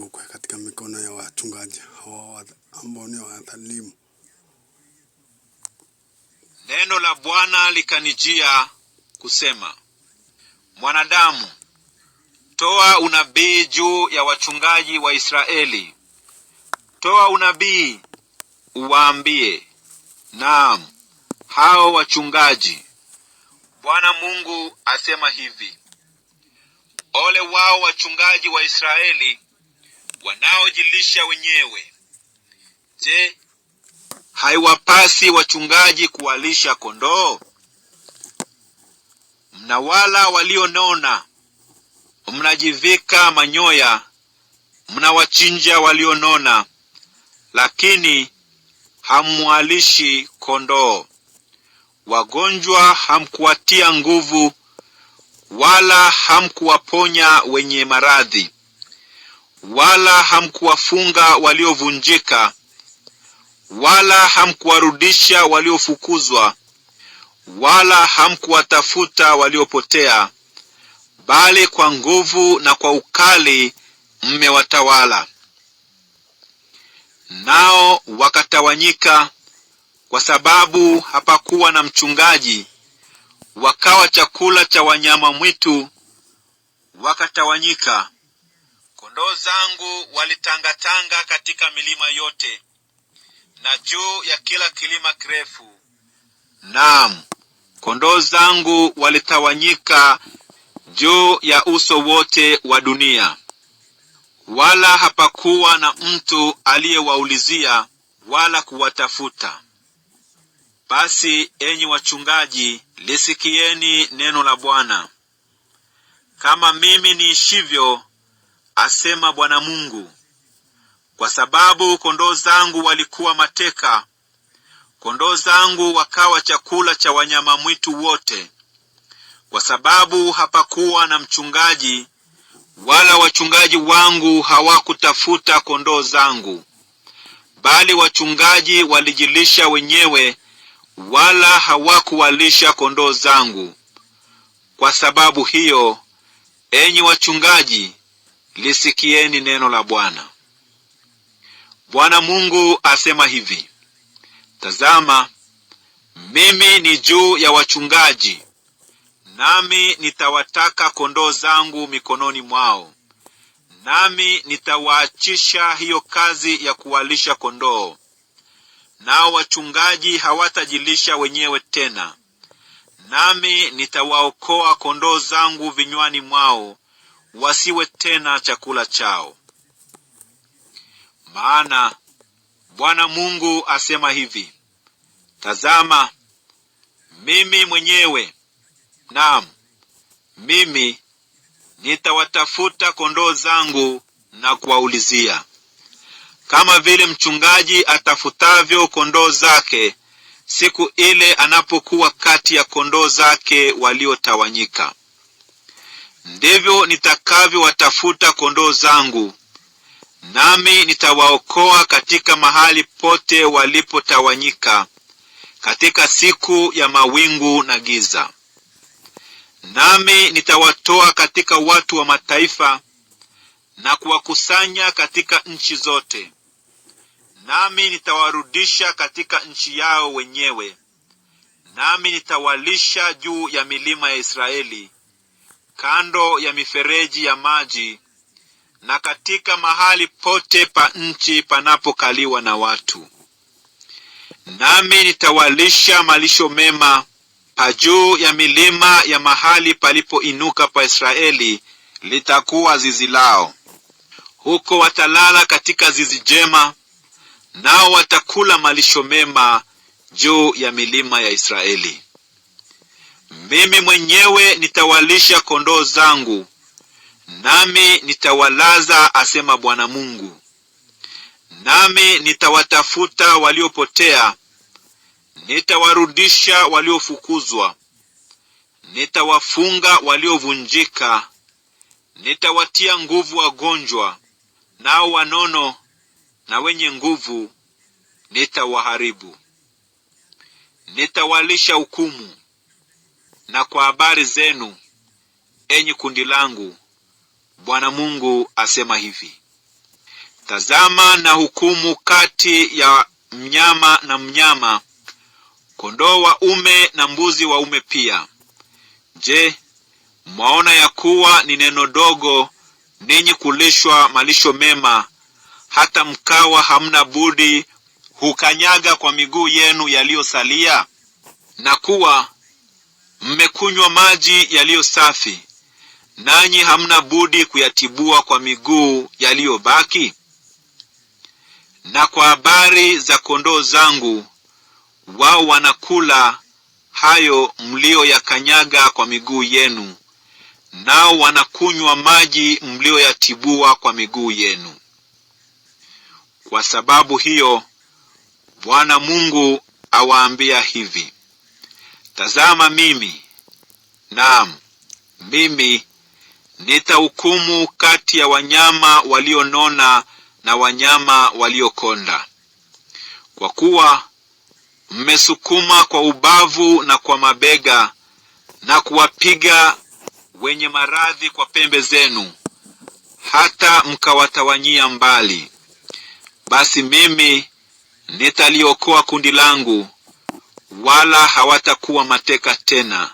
tuko katika mikono ya wachungaji hawa ambao ni wadhalimu. Neno la Bwana likanijia kusema, mwanadamu, toa unabii juu ya wachungaji wa Israeli. Toa unabii uwaambie, naam, hao wachungaji, Bwana Mungu asema hivi: ole wao wachungaji wa Israeli wanaojilisha wenyewe. Je, haiwapasi wachungaji kuwalisha kondoo? Mnawala walionona, mnajivika manyoya, mnawachinja walionona, lakini hamwalishi kondoo. Wagonjwa hamkuwatia nguvu, wala hamkuwaponya wenye maradhi wala hamkuwafunga waliovunjika wala hamkuwarudisha waliofukuzwa wala hamkuwatafuta waliopotea bali kwa nguvu na kwa ukali mmewatawala nao wakatawanyika kwa sababu hapakuwa na mchungaji wakawa chakula cha wanyama mwitu wakatawanyika Kondoo zangu walitangatanga katika milima yote na juu ya kila kilima kirefu. Naam, kondoo zangu walitawanyika juu ya uso wote wa dunia, wala hapakuwa na mtu aliyewaulizia wala kuwatafuta. Basi enyi wachungaji, lisikieni neno la Bwana. Kama mimi niishivyo, asema Bwana Mungu, kwa sababu kondoo zangu walikuwa mateka, kondoo zangu wakawa chakula cha wanyama mwitu wote, kwa sababu hapakuwa na mchungaji, wala wachungaji wangu hawakutafuta kondoo zangu, bali wachungaji walijilisha wenyewe, wala hawakuwalisha kondoo zangu. Kwa sababu hiyo, enyi wachungaji, Lisikieni neno la Bwana. Bwana Mungu asema hivi: Tazama, mimi ni juu ya wachungaji, nami nitawataka kondoo zangu mikononi mwao, nami nitawaachisha hiyo kazi ya kuwalisha kondoo, nao wachungaji hawatajilisha wenyewe tena, nami nitawaokoa kondoo zangu vinywani mwao wasiwe tena chakula chao. Maana Bwana Mungu asema hivi: Tazama, mimi mwenyewe, naam, mimi nitawatafuta kondoo zangu na kuwaulizia, kama vile mchungaji atafutavyo kondoo zake siku ile anapokuwa kati ya kondoo zake waliotawanyika ndivyo nitakavyowatafuta kondoo zangu, nami nitawaokoa katika mahali pote walipotawanyika, katika siku ya mawingu na giza. Nami nitawatoa katika watu wa mataifa na kuwakusanya katika nchi zote, nami nitawarudisha katika nchi yao wenyewe, nami nitawalisha juu ya milima ya Israeli kando ya mifereji ya maji na katika mahali pote pa nchi panapokaliwa na watu, nami nitawalisha malisho mema pa juu ya milima ya mahali palipoinuka pa Israeli litakuwa zizi lao. Huko watalala katika zizi jema, nao watakula malisho mema juu ya milima ya Israeli. Mimi mwenyewe nitawalisha kondoo zangu, nami nitawalaza, asema Bwana Mungu. Nami nitawatafuta waliopotea, nitawarudisha waliofukuzwa, nitawafunga waliovunjika, nitawatia nguvu wagonjwa, nao wanono na wenye nguvu nitawaharibu. Nitawalisha hukumu, na kwa habari zenu, enyi kundi langu, Bwana Mungu asema hivi: Tazama na hukumu kati ya mnyama na mnyama, kondoo wa ume na mbuzi wa ume pia. Je, mwaona ya kuwa ni neno dogo ninyi kulishwa malisho mema, hata mkawa hamna budi hukanyaga kwa miguu yenu yaliyosalia? Na kuwa mmekunywa maji yaliyo safi, nanyi hamna budi kuyatibua kwa miguu yaliyobaki. Na kwa habari za kondoo zangu, wao wanakula hayo mliyoyakanyaga kwa miguu yenu, nao wanakunywa maji mliyoyatibua kwa miguu yenu. Kwa sababu hiyo Bwana Mungu awaambia hivi: Tazama mimi, naam mimi, nitahukumu kati ya wanyama walionona na wanyama waliokonda, kwa kuwa mmesukuma kwa ubavu na kwa mabega na kuwapiga wenye maradhi kwa pembe zenu, hata mkawatawanyia mbali. Basi mimi nitaliokoa kundi langu wala hawatakuwa mateka tena,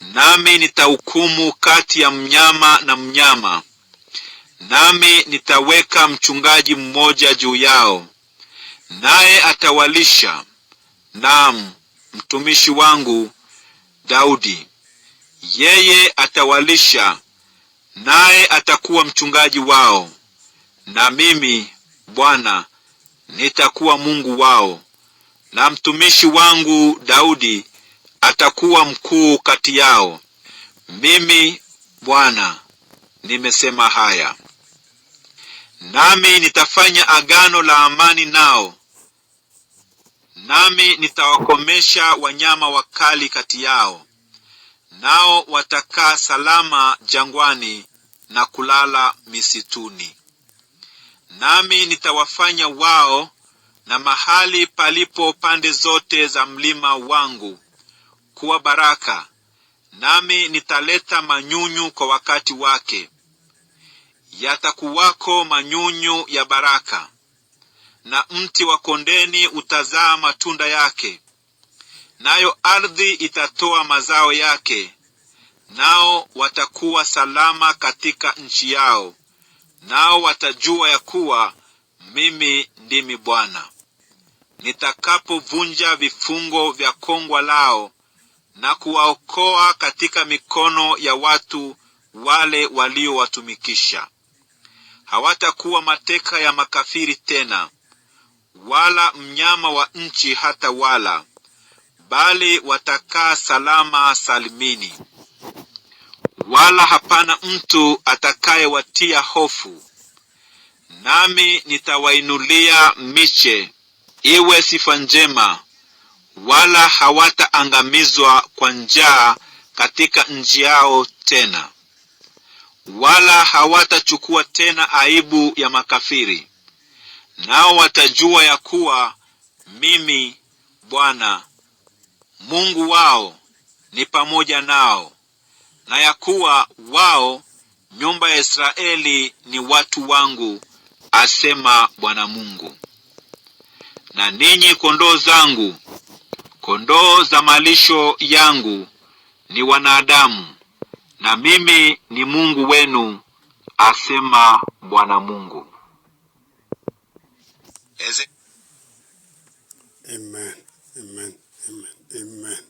nami nitahukumu kati ya mnyama na mnyama, nami nitaweka mchungaji mmoja juu yao, naye atawalisha, naam, mtumishi wangu Daudi, yeye atawalisha, naye atakuwa mchungaji wao, na mimi Bwana nitakuwa Mungu wao na mtumishi wangu Daudi atakuwa mkuu kati yao. Mimi Bwana nimesema haya. Nami nitafanya agano la amani nao, nami nitawakomesha wanyama wakali kati yao, nao watakaa salama jangwani na kulala misituni. Nami nitawafanya wao na mahali palipo pande zote za mlima wangu kuwa baraka, nami nitaleta manyunyu kwa wakati wake. Yatakuwako manyunyu ya baraka, na mti wa kondeni utazaa matunda yake, nayo ardhi itatoa mazao yake, nao watakuwa salama katika nchi yao, nao watajua ya kuwa mimi ndimi Bwana nitakapovunja vifungo vya kongwa lao na kuwaokoa katika mikono ya watu wale waliowatumikisha. Hawatakuwa mateka ya makafiri tena, wala mnyama wa nchi hata wala, bali watakaa salama salimini, wala hapana mtu atakayewatia hofu. Nami nitawainulia miche iwe sifa njema, wala hawataangamizwa kwa njaa katika nchi yao tena, wala hawatachukua tena aibu ya makafiri. Nao watajua ya kuwa mimi Bwana Mungu wao ni pamoja nao, na ya kuwa wao nyumba ya Israeli ni watu wangu, asema Bwana Mungu na ninyi kondoo zangu. Kondoo za malisho yangu ni wanadamu, na mimi ni Mungu wenu, asema Bwana Mungu. Amen. Amen. Amen. Amen.